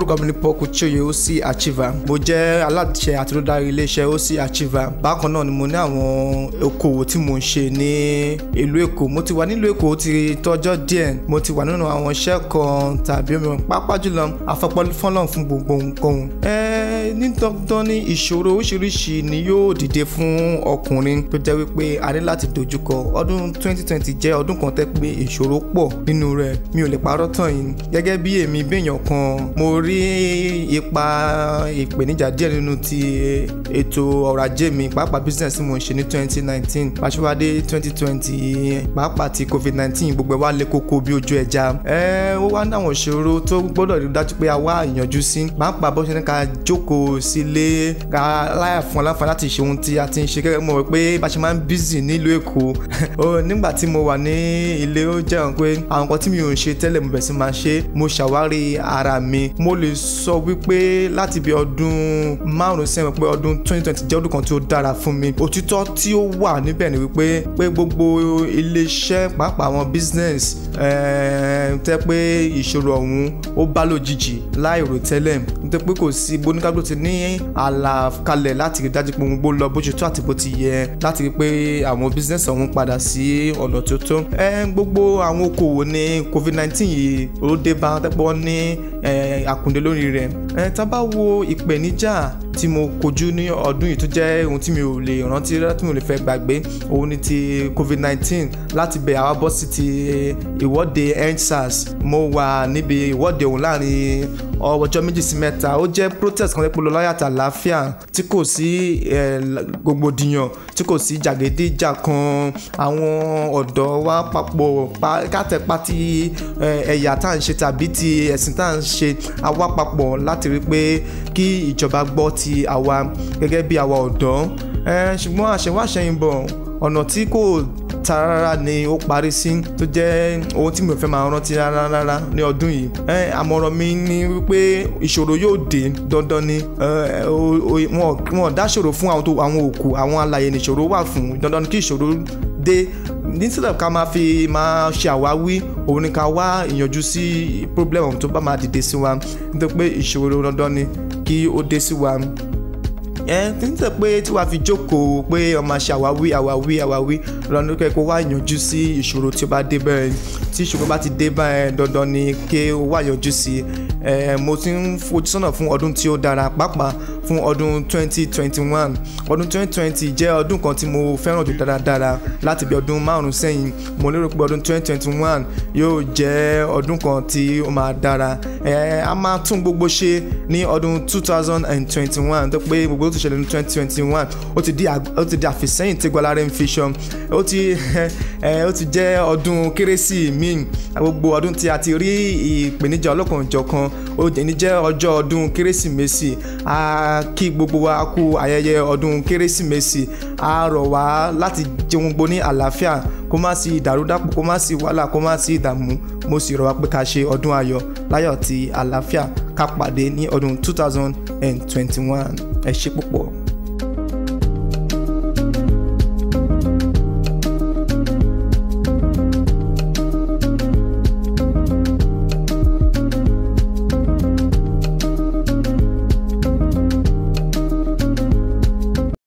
orúkọ mi ni Paul Kuchioye OC Achiever mo jẹ́ aláṣẹ àti olùdarí OC Achiever bákan náà ni mo ní àwọn okòwò tí mo ń ṣe ní ìlú Èkó mo ti wà nílùú Èkó ti tọ́jọ́ díẹ̀ mo ti wà nínú àwọn iṣẹ́ kan tàbí omiran pàápàá jùlọ afọpọlọfọlọ fún gbogbo nǹkan ẹ ní dandan ni ìṣòro oríṣiríṣi ni yóò dìde fún ọkùnrin tó jẹ́ wípé a ní láti dojúkọ ọdún 2020 jẹ́ ọdún kan tẹ́ pé ìṣòro pọ̀ nínú rẹ̀ mi ò lè parọ́ tàn yín gẹ́gẹ́ bí èmi béèyàn kan mo rí rí ipa ìpèníjà díẹ̀ nínú ti ètò ọrọ̀ ajé mi pàápàá business tí mo ń ṣe ní twenty nineteen pàṣípàdé twenty pàápàá ti covid 19 gbogbo ẹ̀ wá le koko bí ojú ẹja ẹ ó wá ní àwọn ìṣòro tó gbọ́dọ̀ rí dájú pé a wá ìyànjú sí pàápàá bó ṣe ní ká jókòó sílé ká láyà fún aláǹfà láti ṣe ohun tí a ti ń ṣe kẹ́kẹ́ mọ̀ pé bá ṣe máa ń bízì nílùú èkó nígbà tí mo wà ní ilé ó jẹ́ àwọn pé àwọn nǹkan tí mi ò ń ṣe tẹ́lẹ̀ mo bẹ̀ sí máa ṣe mo ṣàwárí ara mi mo lè sọ wípé láti bí ọdún márùn sẹ́yìn pé ọdún 2020 jẹ́ ọdún kan tí ó dára fún mi òtítọ́ tí ó wà níbẹ̀ ni wípé pé gbogbo iléeṣẹ́ pàápàá àwọn business eh, tẹ́ pé ìṣòro ọ̀hún ó bá lójijì láì rò tẹ́lẹ̀ nítorí pé kò sí boníkàgbò ti ní àlàkalẹ̀ láti rí dájú pé gbogbo lọ bó ṣe tó àti bó ti yẹ láti rí pé àwọn business ọ̀hún padà sí ọ̀nà tó tó eh, gbogbo àwọn okòwò ní covid-19 yìí ó dé bá tẹ́pọ̀ ní eh, àkùndé lórí rẹ̀ tá a bá wo ìpèníjà tí mo kojú ní ọdún yìí tó jẹ́ ohun tí mi ò lè rántí tí mi ò lè fẹ́ gbàgbé òun ni ti covid-19 láti bẹ̀ àwa bọ́ sí ti ìwọ́de endsars mo wà níbi ìwọ́de òun láàrin ọjọ́ méjì sí mẹ́ta ó jẹ́ protest kan lẹ́pọ̀ lọ́yàtà láàfíà tí kò sí gbogbo-dìyàn tí kò sí jàgídíjàkan àwọn ọ̀dọ́ wa papọ̀ kátẹ́pá ti ẹ̀yà tá à ń ṣe tàbí ti ẹ̀sìn tá à ń ṣe àwa papọ̀ láti rí pé kí ìjọba gbọ́ ti ti àwa gẹ́gẹ́ bí àwa ọ̀dọ́ ṣùgbọ́n àṣẹwáṣẹyìnbọ̀ ọ̀nà tí kò tarara ni ó parí sí tó jẹ́ ohun tí mi fẹ́ máa rántí rárá rárá ní ọdún yìí àmọ̀ràn mi ni wípé ìṣòro yóò dé dandan ni wọn dáṣòro fún àwọn òkú àwọn alàyè nìṣòro wà fún dandan kí ìṣòro dé nítorí ká máa fi máa ṣe àwáwí òun ni ká wá ìyanjú sí problem tó bá máa dìde sí wa nítorí pé ìṣòro dandan ni kí ó dé sí wa ẹ tí ń tẹ̀ pé tí wàá fi jókòó pé ọmọ àṣà àwáwí àwáwí àwáwí lọ́nà kẹ́kọ̀ọ́ wá yanjú sí ìṣòro tí ó bá dé bẹ́ẹ̀ tí ìṣòro bá ti dé bá ẹ dandan ni kí o wá yọjú sí ẹ mo ti ń fojú sọ́nà fún ọdún tí ó dára pàápàá fún ọdún 2021 ọdún 2020 jẹ́ ọdún kan tí mo fẹ́ràn jù dáradára láti bí ọdún márùn sẹ́yìn mo lérò pé ọdún 2021 yóò jẹ́ ọdún kan tí ó máa dára ẹ a máa tún gbogbo ṣe ní ọdún 2021 tó pé gbogbo tó ṣẹlẹ̀ ní 2021 ó ti di àfìsẹ́yìn tí Gbọ́láhàn fi ṣan ó ti ó ti jẹ́ ọdún kérésì míì gbogbo ọdún tí a ti rí ìpèníjà ọlọ́kanòjọ̀kan ó ní jẹ́ ọjọ́ ọdún kérésìmesì a kí gbogbo wa kú ayẹyẹ ọdún kérésìmesì a rọ̀ wá láti jẹun gbó ní àlàáfíà kó má sí ìdàrúdàpọ̀ kó má sí wàhálà kó má sí ìdààmú mo sì rọ̀ wá pé ká ṣe ọdún ayọ̀ láyọ̀ ti àlàáfíà ká pàdé ní ọdún 2021 ẹ ṣé púpọ̀.